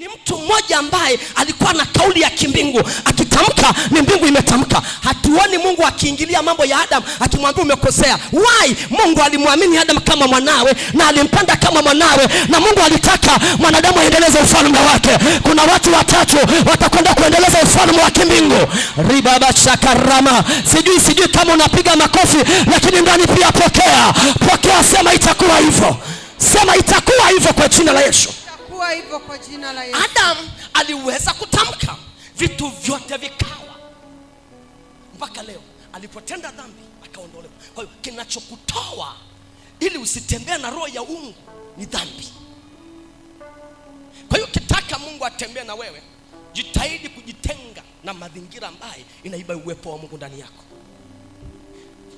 Ni mtu mmoja ambaye alikuwa na kauli ya kimbingu, akitamka ni mbingu imetamka. Hatuoni Mungu akiingilia mambo ya Adamu akimwambia umekosea. Why? Mungu alimwamini Adamu kama mwanawe na alimpenda kama mwanawe, na Mungu alitaka mwanadamu aendeleze ufalme wake. Kuna watu watatu watakwenda kuendeleza ufalme wa kimbingu. ribabashakarama sijui sijui kama unapiga makofi, lakini ndani pia pokea, pokea, sema itakuwa hivyo, sema itakuwa hivyo kwa jina la Yesu. Adam aliweza kutamka vitu vyote vikawa, mpaka leo alipotenda dhambi akaondolewa. Kwa hiyo kinachokutoa ili usitembee na roho ya uungu ni dhambi. Kwa hiyo kitaka Mungu atembee na wewe, jitahidi kujitenga na mazingira ambayo inaiba uwepo wa Mungu ndani yako.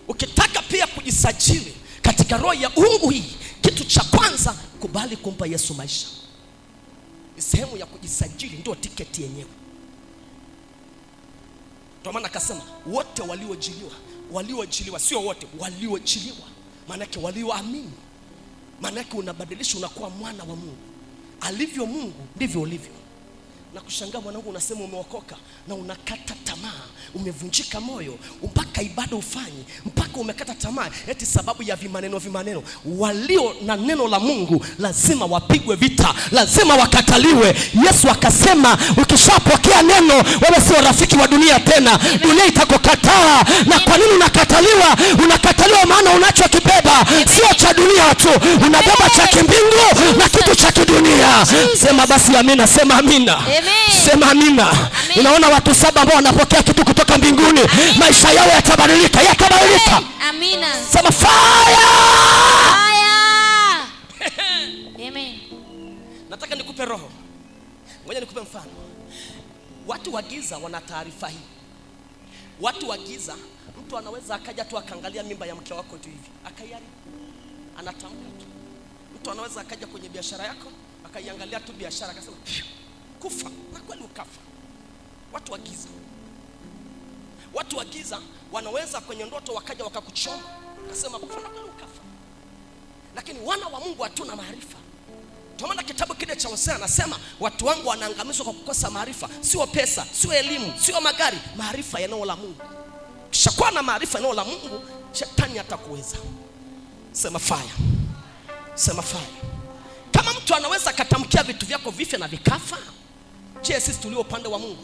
Ukitaka pia kujisajili katika roho ya uungu hii, kitu cha kwanza kubali kumpa Yesu maisha sehemu ya kujisajili ndio tiketi yenyewe. Ndio maana akasema wote waliojiliwa, waliojiliwa sio wote waliojiliwa, yake walioamini, yake unabadilisha unakuwa mwana wa Mungu. Alivyo Mungu ndivyo ulivyo na kushangaa mwanangu, unasema umeokoka na unakata tamaa, umevunjika moyo, mpaka ibada ufanyi, mpaka umekata tamaa eti sababu ya vimaneno vimaneno. Walio na neno la Mungu lazima wapigwe vita, lazima wakataliwe. Yesu akasema ukishapokea neno, wewe sio rafiki wa dunia tena, dunia itakokataa Na kwa nini unakataliwa? Unakataliwa maana unachokibeba sio cha dunia tu, unabeba cha kimbingu na kitu cha kidunia. Sema basi amina, sema amina. Sema amina. Unaona watu saba ambao wanapokea kitu kutoka mbinguni, maisha yao yatabadilika, yatabadilika. Amina. Sema fire. Amen. Nataka nikupe roho. Ngoja nikupe mfano. Watu wa giza wana taarifa hii. Watu wa giza, mtu anaweza akaja tu akaangalia mimba ya mke wako tu hivi akaiari, anatamka tu. Mtu anaweza akaja kwenye biashara yako akaiangalia tu biashara akasema Ulikufa na kweli ukafa. Watu wa giza, watu wa giza wanaweza kwenye ndoto wakaja wakakuchoma, akasema kufa na kweli ukafa, lakini wana wa Mungu hatuna maarifa. Ndio maana kitabu kile cha Hosea anasema watu wangu wanaangamizwa kwa kukosa maarifa. Sio pesa, sio elimu, sio magari, maarifa ya neno la Mungu. Ukishakuwa na maarifa ya neno la Mungu, shetani hatakuweza. Sema fire, sema fire. Kama mtu anaweza akatamkia vitu vyako vife na vikafa Je, sisi tulio upande wa Mungu?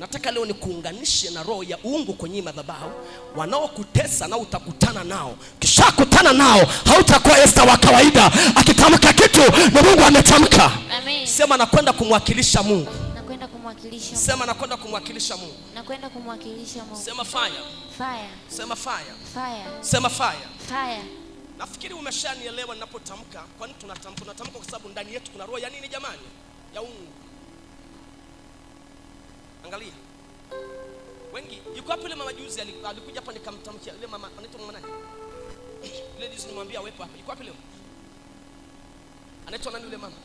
Nataka leo nikuunganishe na roho ya uungu kwenye madhabahu. Wanaokutesa na utakutana nao, kishakutana nao hautakuwa Esta wa kawaida. Akitamka kitu na Mungu ametamka. Amen. Sema nakwenda kumwakilisha Mungu. Nakwenda kumwakilisha Mungu. Sema nakwenda kumwakilisha Mungu. Nakwenda kumwakilisha Mungu. Sema fire. Fire. Sema fire. Fire. Sema fire. Fire. Nafikiri umeshanielewa ninapotamka. Kwani tunatamka tunatamka kwa sababu ndani yetu kuna roho ya nini jamani? Ya uungu. Angalia wengi, yuko hapo. Yule mama juzi alikuja hapo nikamtamkia yule mama, anaitwa mama nani? Yule juzi nimwambia awepo hapo yuko hapo leo. Anaitwa nani yule mama?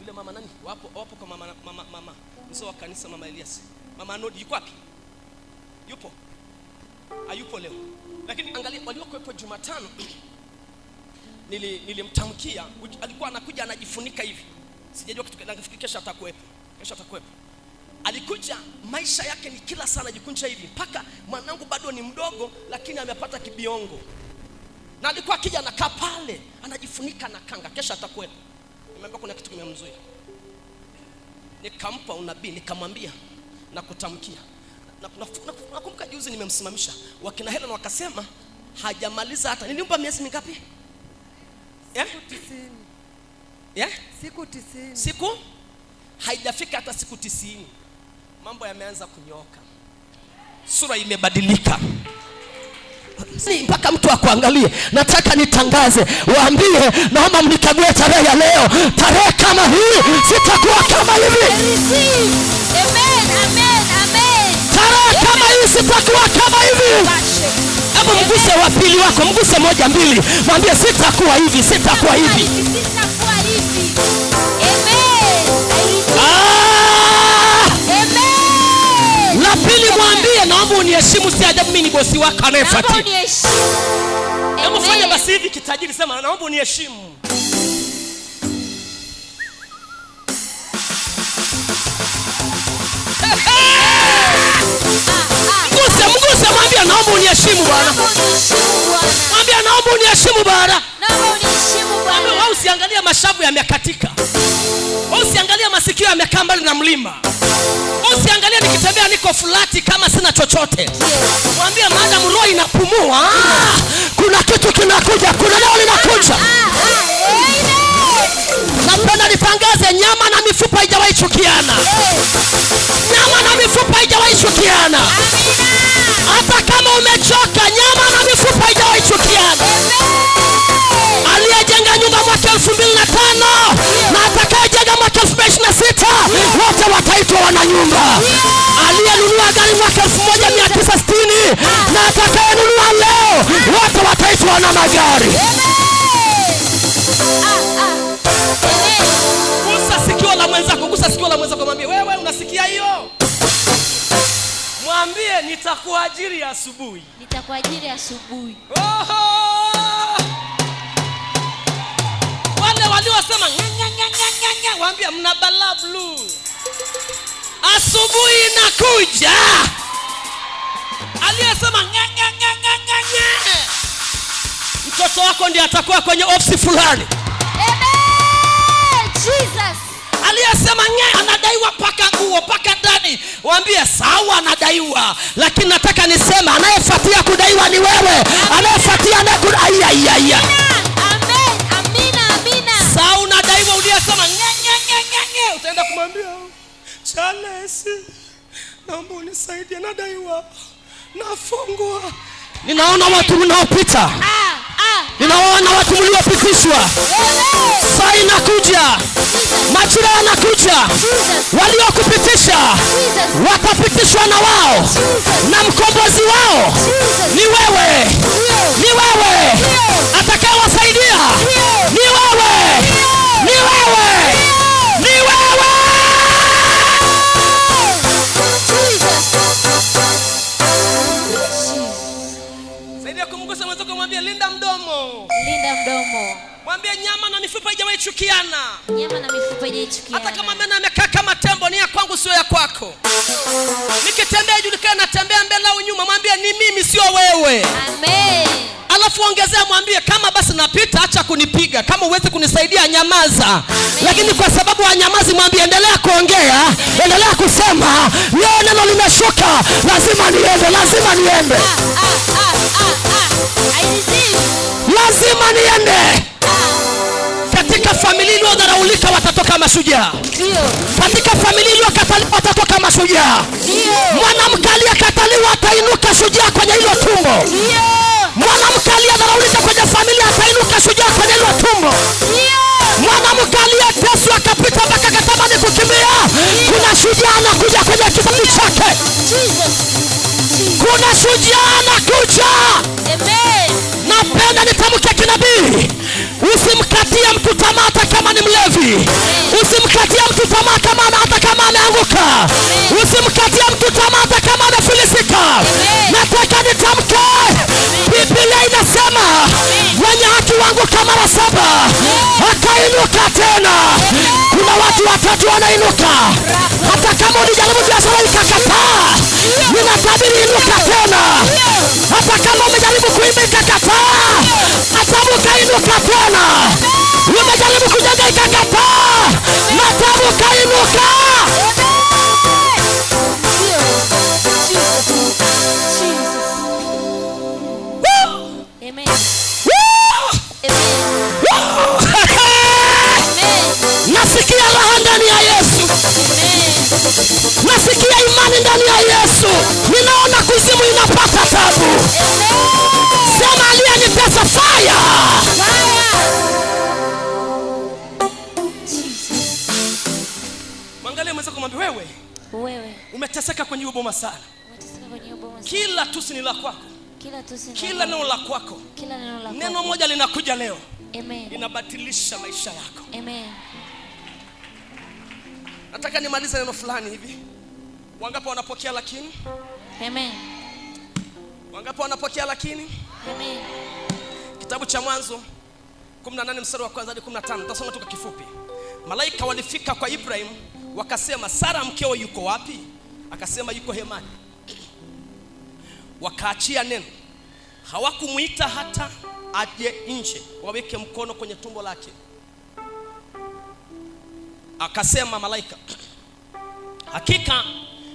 Yule mama nani? Wapo wapo kwa mama mama mama mzee wa kanisa, mama Elias, mama Anod yuko wapi? Yupo hayupo leo, lakini angalia, waliokuwepo Jumatano nili nilimtamkia, alikuwa anakuja anajifunika hivi, sijajua kitu, nafikiri kesho atakuwepo, kesho atakuwepo alikuja maisha yake ni kila sana anajikunja hivi, mpaka mwanangu bado ni mdogo, lakini amepata kibiongo, na alikuwa akija anakaa pale anajifunika na kanga, kesha atakuwepo. Nimeambia kuna kitu kimemzuia, nikampa unabii, nikamwambia na kutamkia. Nakumbuka juzi nimemsimamisha, wakina Helen wakasema hajamaliza hata, nilimpa miezi mingapi? Eh? yeah? Siku tisini, siku haijafika hata siku tisini mambo yameanza kunyoka, sura imebadilika mpaka mtu akuangalie. Nataka nitangaze, waambie, naomba mnikague tarehe ya leo. Tarehe kama hii sitakuwa kama hivi, tarehe kama hii sitakuwa kama hivi. Hebu mguse wa pili wako, mguse moja mbili, mwambie sitakuwa hivi, sitakuwa hivi. waambie, naomba uniheshimu, si ajabu mimi ni bosi wako anayefuatia. Hebu fanya basi hivi kitajiri, sema naomba uniheshimu. Mguse, mguse, mwambie naomba uniheshimu Bwana, mwambie naomba uniheshimu Bwana usiangalia mashavu yamekatika, usiangalia masikio yamekaa mbali na mlima, usiangalia nikitembea niko fulati kama sina chochote. Mwambie maadamu roho inapumua, ah, kuna kitu kinakuja, kuna Wagari mwaka 1960 na atakayenunua leo wote wataitwa wana magari. Gusa sikio la mwenzako, gusa sikio la mwenzako, mwambie wewe, unasikia hiyo? Mwambie nitakuajiri asubuhi, nitakuajiri asubuhi. Wale waliosema nyanya nyanya nyanya, waambie mna balaa asubuhi inakuja aliyesema mtoto wako ndiye atakuwa kwenye ofisi fulani aliyesema anadaiwa paka nguo paka ndani waambie sawa anadaiwa lakini nataka niseme anayefuatia kudaiwa ni wewe anayefuatia anayekudaiya Charles, naomba unisaidie, nadaiwa, nafungwa. Ninaona watu mnaopita ah, ah. ninaona watu mliopitishwa. Saa inakuja, majira yanakuja, waliokupitisha watapitishwa na wao na mkombozi wao ni wewe ni wewe atakawa kumgusa mwenzako, mwambie linda mdomo, linda mdomo. Mwambie nyama na mifupa haijawahi chukiana, nyama na mifupa haijawahi chukiana. Hata kama mimi nimekaa kama tembo, ni ya kwangu, sio ya kwako. Nikitembea julikana, natembea mbele au nyuma, mwambie ni mimi, sio wewe. Amen. Alafu ongezea mwambie, kama basi napita, acha kunipiga. Kama uwezi kunisaidia, nyamaza. Amen. Lakini kwa sababu hanyamazi, mwambie endelea kuongea, endelea kusema, leo neno limeshuka, lazima niende, lazima niende. ah, ah, ah, ah. ah lazima niende katika familia iliyodharaulika watatoka mashujaa. Katika familia iliyokataliwa watatoka mashujaa. Mwanamke aliyekataliwa atainuka shujaa kwenye hilo tumbo. Mwanamke aliyedharaulika kwenye familia atainuka shujaa kwenye hilo tumbo. Mwanamke aliyeteswa akapita mpaka akatamani kukimbia, kuna shujaa anakuja kwenye kitabu chake. Kuna shujaa Usimkatia mtu tamaa hata kama ni mlevi. Usimkatia mtu tamaa kama hata kama ameanguka. Usimkatia mtu tamaa hata kama amefilisika. Nataka nitamke, Biblia inasema wenye haki waanguka mara saba wakainuka tena. Kuna watu watatu wanainuka, hata kama ulijaribu biashara ikakataa, ninatabiri inuka tena. Hata kama umejaribu kuiba ikakataa Bwana. Umejaribu kujenga ikakataa, matabu kainuka. Nasikia raha ndani ya Yesu, nasikia imani ndani ya Yesu. Ninaona kuzimu inapata tabu. Sema aliyenipesa fire mwambie wewe, wewe umeteseka kwenye hiyo boma sana, kila tusi ni la kwako, kila neno la kwako, neno moja linakuja leo Amen. Inabatilisha maisha yako Amen. Nataka nimalize neno fulani hivi. Wangapi wanapokea lakini? Amen. Wangapi wanapokea lakini? Amen. Kitabu cha Mwanzo 18 mstari wa kwanza hadi 15, tutasoma tu kwa kifupi. Malaika walifika kwa Ibrahimu Wakasema, Sara mkeo yuko wapi? Akasema, yuko hemani. Wakaachia neno, hawakumwita hata aje nje waweke mkono kwenye tumbo lake. Akasema malaika, hakika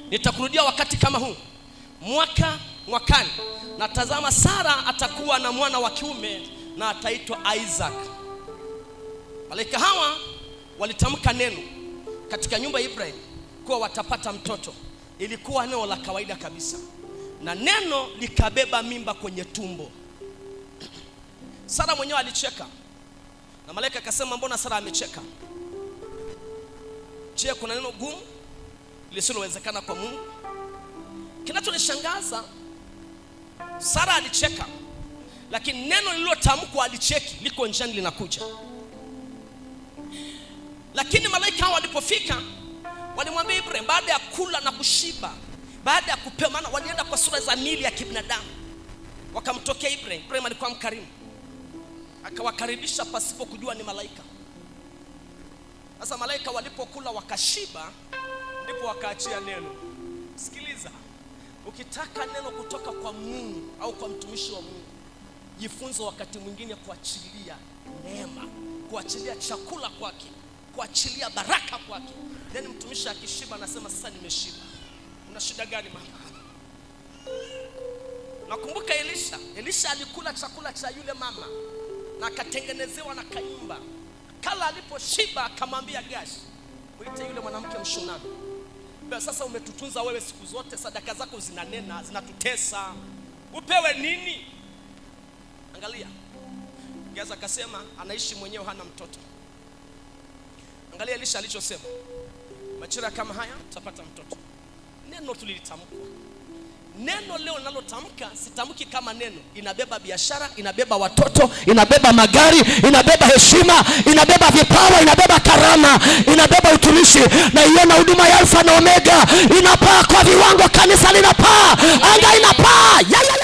nitakurudia wakati kama huu mwaka mwakani, na tazama, Sara atakuwa na mwana wa kiume na ataitwa Isaac. Malaika hawa walitamka neno katika nyumba ya Ibrahim kuwa watapata mtoto ilikuwa neno la kawaida kabisa, na neno likabeba mimba kwenye tumbo. Sara mwenyewe alicheka na malaika akasema, mbona Sara amecheka? Je, kuna neno gumu lisilowezekana kwa Mungu? Kinachonishangaza, Sara alicheka, lakini neno lililotamkwa alicheki liko njiani linakuja. Lakini malaika hao walipofika walimwambia Ibrahim, baada ya kula na kushiba, baada ya kupewa, maana walienda kwa sura za mili ya kibinadamu, wakamtokea Ibrahim. Ibrahim alikuwa mkarimu, akawakaribisha pasipo kujua ni malaika. Sasa malaika walipokula wakashiba, ndipo wakaachia neno. Sikiliza, ukitaka neno kutoka kwa Mungu au kwa mtumishi wa Mungu, jifunze wakati mwingine kuachilia neema, kuachilia chakula kwake kuachilia baraka kwake. Then mtumishi akishiba anasema sasa nimeshiba. Una shida gani mama? Nakumbuka Elisha. Elisha alikula chakula cha yule mama na akatengenezewa na kayumba Kala aliposhiba akamwambia Gashi, mwite yule mwanamke Mshunami. Sasa umetutunza wewe siku zote, sadaka zako zinanena, zinatutesa, upewe nini? Angalia, Gaza akasema anaishi mwenyewe, hana mtoto Angalia Elisha alichosema, machira kama haya tutapata mtoto. Neno tulilitamka. Neno leo linalotamka sitamki kama neno, inabeba biashara, inabeba watoto, inabeba magari, inabeba heshima, inabeba vipawa, inabeba karama, inabeba utumishi. Na huduma ya Alfa na Omega inapaa kwa viwango, kanisa linapaa, anga inapaa.